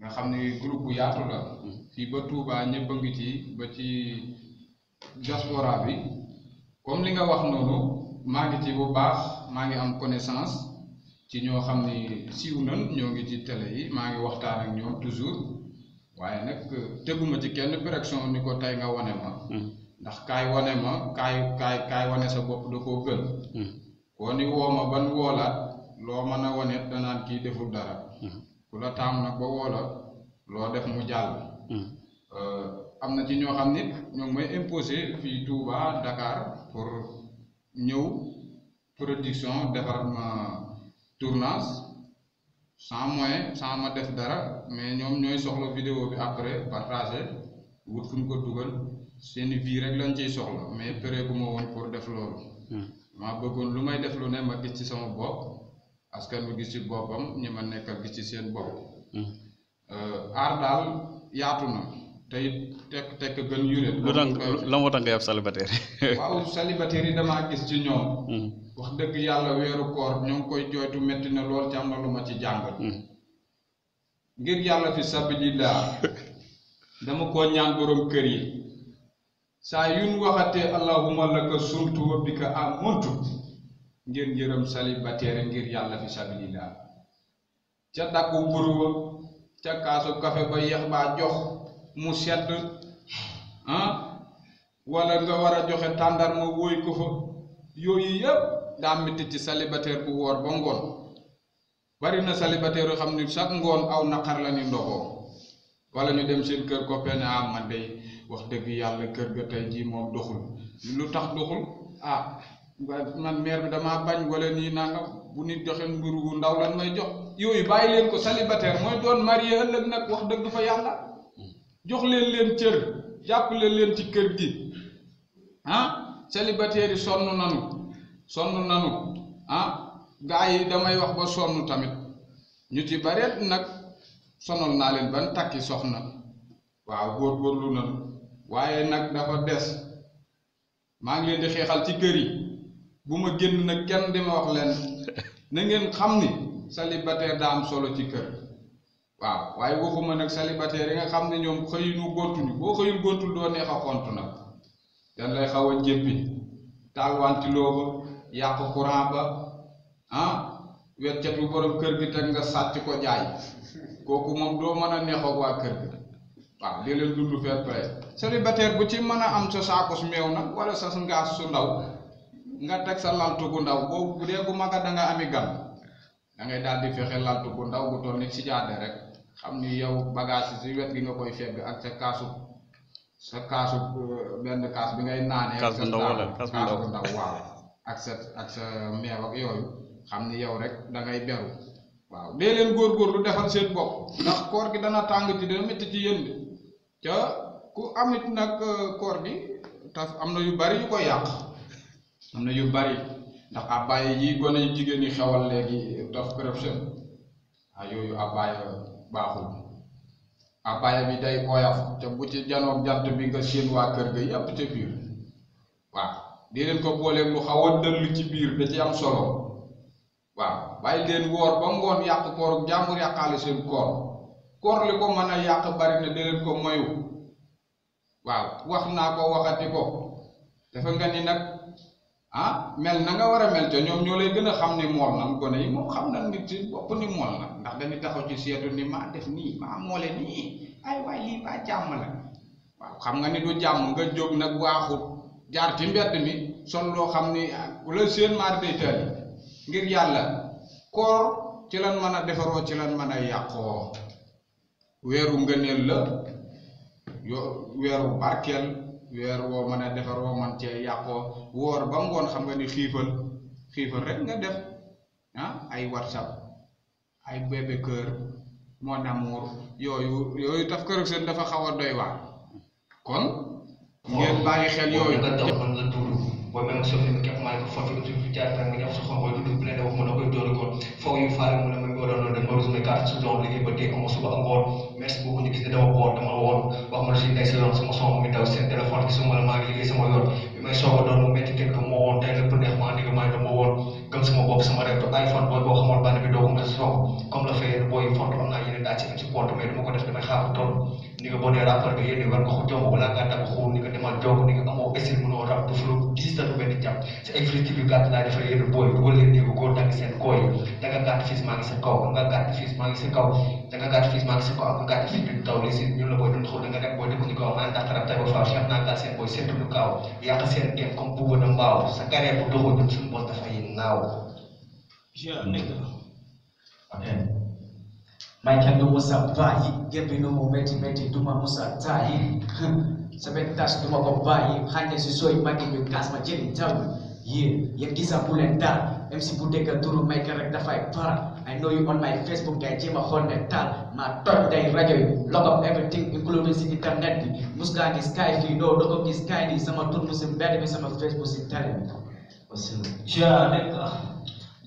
nga xam ne groupe yaatu la fii ba Touba ñëpp a ngi ci ba ci diaspora bi comme li nga wax noonu maa ngi ci bu baax maa ngi am connaissance ci ñoo xam ni siiw nan ñoo ngi ci télé yi maa ngi waxtaan ak ñoom toujours waaye nag euh, teguma ci kenn direction ni ko tey nga wane ma hmm. ndax kaay wane ma kaay kaay kaay wane sa bopp da koo gën hmm. koo ni woo ma ban woolaat loo mën a wane danaan kii deful dara ku la taam nag ba woo la loo def mu jàll. Hmm. Euh, am na ci ñoo xam nit ñoom may imposé fii Touba Dakar pour ñëw production defar ma tournage sans moyen sans ma def dara mais ñoom ñooy soxla vidéo bi après partager wut fu mu ko dugal seen vie rek lañ ciy soxla mais péré bu ma woon pour def loolu. Hmm. ma bëggoon lu may def lu ne ma gis ci sama bopp. askan wi gis ci boppam ñi ma nekkal gis ci seen bopp hmm. euh, aar daal yaatu na tey tekk tekk gën yuréet la moo tax ngay ab célibataire waaw célibataire yi damaa gis ci ñoom hmm. wax dëgg yàlla weeru koor ñoo koy jooytu metti na lool ci am na lu ma ci jàngal hmm. ngir yàlla fi sabilillah dama koo ñaan borom kër yi saa yun waxatee allahuma laka sultu wa bika amuntu ngeen yërëm célibataire ngir yalla fi sabilillah ca takku buru ca kasu kafe ba yex ba jox mu sedd ah wala nga wara joxe tandar mo woy ko fa yoy yeb da metti ci célibataire bu wor ba ngon bari na célibataire xamni ni ngon aw nakar la ni ndoko wala ñu dem seen kër copain am man day wax deug yalla kër ga tay ji mom doxul lu tax doxul ah man maire bi damaa bañ wala nii nanga bu nit joxe mburu gu ndaw lan may jox yooyu bàyyi leen ko célibataire mooy doon marié ëllëg nag wax dëgg fa yàlla jox leen leen cër jàppale leen ci kër gi ah célibataire yi sonn nanu sonn nanu ah, gaa yi damay wax ba sonn tamit ñu ci bareet nag sonal naa leen ban takki soxna waaw góorgóorlu nanu waaye nag dafa des maa ngi leen di xeexal ci kër yi buma genn nak kenn dima wax len na ngeen xamni célibataire am solo ci kër waaw waaye waxuma nak célibataire nga xamni ñom xeyinu xëyunu gontuñu bo xeyul gontul do neexa kontu nak dan lay xawa a jéppi taalwantiloo ba yàq courant ba ah ci borom kër gi tak nga sacc ko jaay koku mom do mën a wa waa kër gi waaw li leen dund fair play célibataire bu ci mën am sa saakos meew nak wala sa nga su ndaw nga tek sa laltu gu ndaw boobu oh, bu gu maga da nga ami gam da ngay dal di fexel laltu gu ndaw gu toll ni si jaade rek xamni yow bagage ci wet gi nga koy fegg ak sa kasu sa kasu ben bi ngay nané ndaw wala kaas ndaw waaw ak sa ak sa meew ak xamni yow rek da ngay beru waaw gur gor lu defal seen nak ndax koor gi dana tang ci dem metti ci ca ku amit nak koor gi taf amna yu bari yu koy yak amna yu bari ndax abaye yi gone yu jigéen ñi xewal léegi daf corruption ah yooyu abaye baaxul abaye bi day oyaf te bu ci janoog jant bi nga seen wa keur ga yapp te bir wa di len ko bolé lu xaw deul ci bir da ci am solo wa bàyyi leen wor ba ngon yak koor jamur yakale seen koor koor liko ko yak bari na de len ko moyu wa wax na ko waxati ko dafa nga ni nak ah mel na nga wara mel ca ñom ñolay gëna gën a xam ni mool na yi mo xam na nit ci bopp ni mool na ndax dañu taxaw ci sietu ni ma def ni ma moole ni ay way li ba jamm la waaw xam nga ni du jamm nga jog nak waaxut jaar ci mbedd mi son lo xam ni wala ah, seen ma day tali ngir yalla koor ci lan mëna defaro ci lan mëna yaqo wëru weeru la yo wëru barkel weer woo mën a defar woo man cee yàqoo woor ba ngoon xam nga ni xiifal xiifal rek nga def ay whatsapp ay bébé cœur moo amour yooyu yooyu taf kër seen dafa xaw a doy waar kon ngeen bàyyi xel yooyu booy mel ne soxna bi képp maa ngi ko forfait bi tuuti jaar fenn nga ñëw sa xol booy dugg plein de wax mu ne koy dóor góor faw yu faale mu ne ma ñu waroon dem loolu sama carte su doon ba dégg wax ma si ndey si yoon sama son mu ngi daw seen téléphone gisuma la maa ngi liggéey sama yoon bi may soog a doon mu métti teg ko moo woon tey la pour neex maa ndigg maa ngi dama man sama bopp sama réew te bàyyi font booy boo xamoon bànn bi doo ko mën a soxla comme la fay booy font am naa yeneen daa ci am si compte mais du ma ko def damay xaar toll ni nga bonee rapport bi yéen war nga ko jomb balaa ngaa dagg xuur ni nga demal jog ni nga amoo essai mënoo raw du fulu dix dafa benn jàpp si ay friti bi gàtt laa defar yéen booy dugal leen néegu góor dagg seen kooy da nga gàtt fiis maa ngi sa kaw am nga gàtt fiis maa ngi sa kaw da nga gàtt fiis maa ngi sa kaw am nga gàtt fiis bi taw li si ñun la booy dund xul da nga dem booy dëkk ñu kaw maa ndax rab tay ba faaw xeex naa gàtt seen booy seetlu kaaw yàq seen géem comme buuba na mbaaw sa carrière bu doxoo ñun suñu bos dafay naaw Yeah, nigga. Okay. Maikando Musa Bayi, Gebino Mumeti Meti Duma Musa Tai. Sebentas Duma Bayi, hanya sesuai bagi my jelly tongue. Yeah, yang kisah and tar, MC Budeka turu my character fight par. I know you on my Facebook I jam a Jema Honda tar. My third day regular. lock up everything including the internet Muska and his sky you know, lock up his sky Some of tur musim bad some of Facebook's internet. tar. Wassalamu. Yeah, nigga.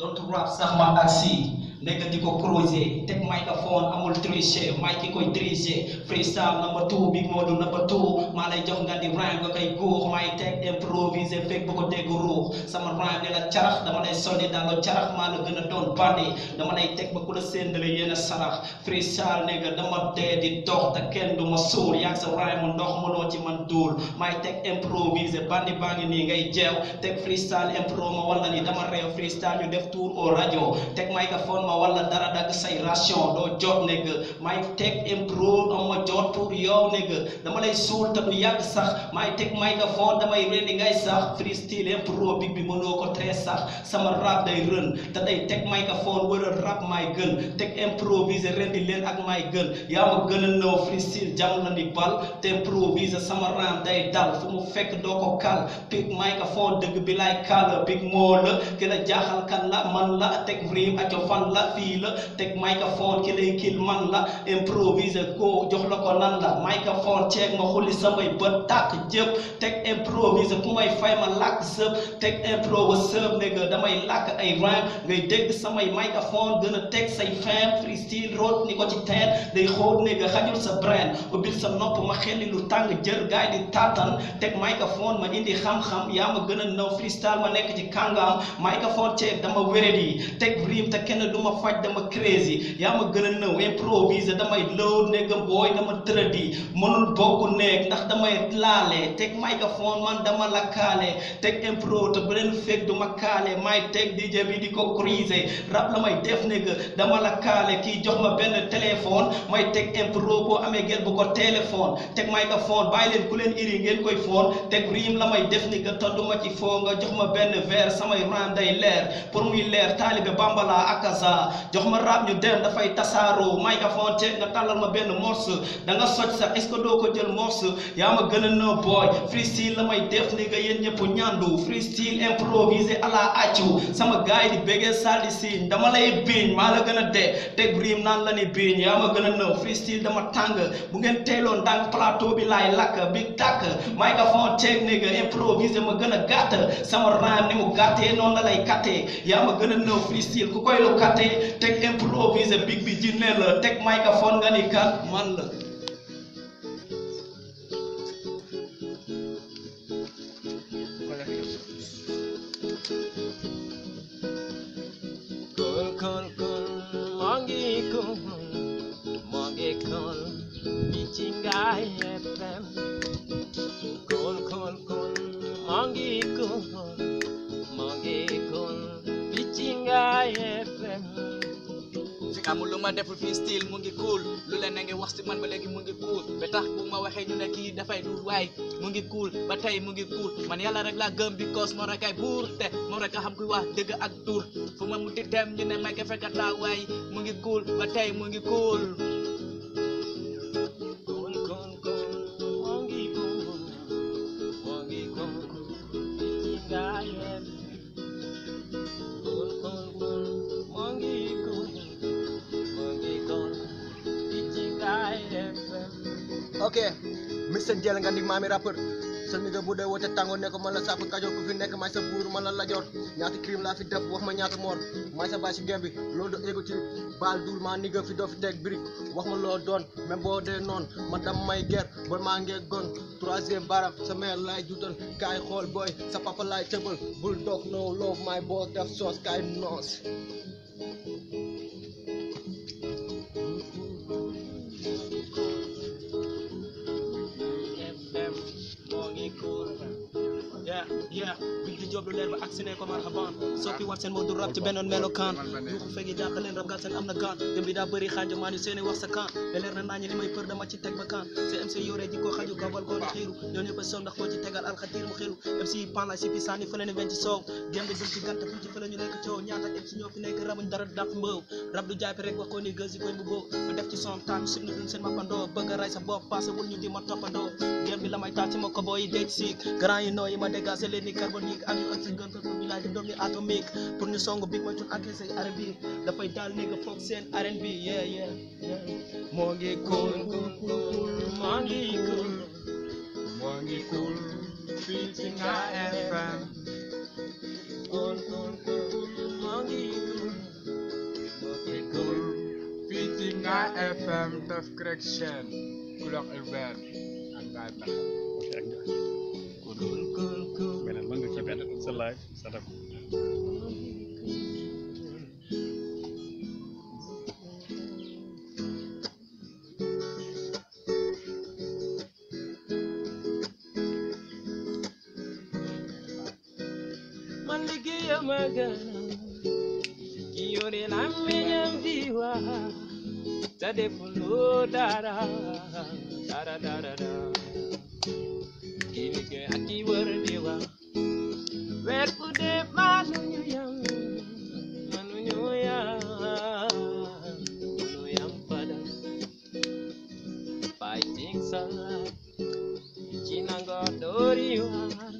don't wrap Sahma Asi. nekk di ko creuser teg microphone amul tricher mic ki koy tricher freestyle number two ma Modou number two maa lay jox nga di rhyme nga koy ko dégg sama rhyme ne la carax dama lay sonni daal maa la gën a doon bandi dama a sarax ne dox te kenn du ma suul yaag sa ci man duul maay teg improviser bandi baa nii ngay jeew teg freestyle impro ma wala ni dama réew freestyle ñu def tour au radio teg microphone ma walla dara dagg say ration doo jot ne nga may teg impro ama jot pour yow ne nga dama lay suul te du yàgg sax may teg may nga foo damay rendi ngay sax freestyle impro big bi mënoo ko très sax sama rap day rën te day teg may nga foo wëral rap may gën teg improviser rendi leen ak may gën yaa ma gën a nëw freestyle jàng na ni bal te improviser sama ram day dal fu mu fekk doo ko kal pig may dëgg bi lay kal big moo la gën a jaaxal kan la fii la teg microphone ki lay kil man la improviser ko jox la ko nan la microphone ceeg ma xulli samay bët tàkk jëpp teg improviser ku may fay ma làkk sëb teg improviser nega damay làkk ay rhyme ngay dégg samay microphone gën a teg say fin freestyle root ni ko ci teen day xóot nega xajul sa brain ubbil sa nopp ma xelli lu tàng jër gaay di tàttan teg microphone ma indi xam-xam yaa ma gën a naw freestyle ma nekk ci kàngaam microphone ceeg dama ma faj dama crazy yaa ma gën a nëw improviser damay lëw nekk booy dama tërëdi mënul bokk nekk ndax damay laale teg microphone man dama la kaale teg impro te bu leen fekk du ma kaale may teg DJ bi di ko criser rap la may def nekk dama la kaale kii jox ma benn téléphone may teg impro boo amee gel ko téléphone teg microphone bàyyi leen ku leen iri ngeen koy foon teg riim la may def nekk te ci foo nga jox ma benn verre samay rende day leer pour muy leer taalibe bambala akaza la jox ma rab ñu dem dafay tasaaroo may avanté nga tàllal ma benn morse da nga soj sa est-ce que doo ko jël morse yaa ma gën a na booy freestyle la may def ni nga yéen ñëpp ñandu freestyle improvisé à la accu sama gaay di béggee salli siiñ dama lay biiñ maa la gën a dee teg riim naan la ni biiñ yaa ma gën a nëw freestyle dama tàng bu ngeen teeloon ndànk plateau bi laay lakk bi tàkk may nga fon teg ni ma gën a gàtt sama raam ni mu a teg improvisé big bi jinne la teg microphone nga ni kan man la amul lu ma deful fii style mu ngi cool lu leen ngi wax man ba léegi mu ngi cool ba tax bu ma waxee ñu ne kii dafay du waay mu ngi cool ba tey mu ngi cool man yàlla rek laa gëm because moo rek ay buur te moo rek a xam kuy wax dëgg ak tur fu ma mu dem ñu ne may ka fekkataa waay mu ngi cool ba tey mu ngi cool Oke, Mister jalan kan di mami maami rappeur sel mi nga bu dee woote tàngoon ne ko man la sàkku kajoor ku fi nekk may sa buur man la lajoor ñaata crime laa ma do dul maa gak fi doo brick, teg birik wax ma loo doon même boo dee gon troisième baram no love my boy def kai kai Kurva. yeah bi di job lu leer ba ak si ne ko marhaban soppi wat seen moo du rab ci bennoon melokaan yu ko fegi jàq leen rab gaal seen am na gaan dem daa bëri xaajo maa seeni wax sa kan te leer na naañi li may për dama ci teg ba kan MC yore ji ko xaju gabal ko xiiru ñoo ñëpp soow ndax koo ci tegal alxatir mu xiiru MC panla si fi sànni fële ne wen ci soow gém bi dum ganta fu ci fële ñu nekk ci son taam si a ci ma ko booyi gaase lenni carbonique ak ñu oxygène peuple bi laaj domi atomique pour ñu song big ma jun agressé arabi dafay daal néega foog seen RNB yeah yeah moo ngi kuul kuul ngi kuul moo ngi kuul fii ci nga FM kuul kuul kuul ngi kuul moo ngi beneen mën nga ci beneen sa laaj sa def man liggéeyam a gën ki yore làmmiñam di wax te defuloo dara dara Ilige hati wër di wax weer bu dee yang yam manu yam pada fighting sa ci nango dori waar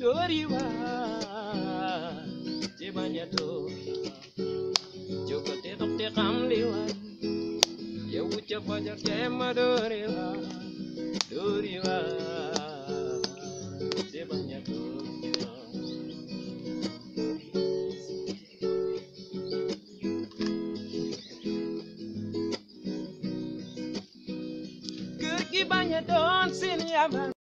dori waar tetok tekam a Ya ucap dox te xam li have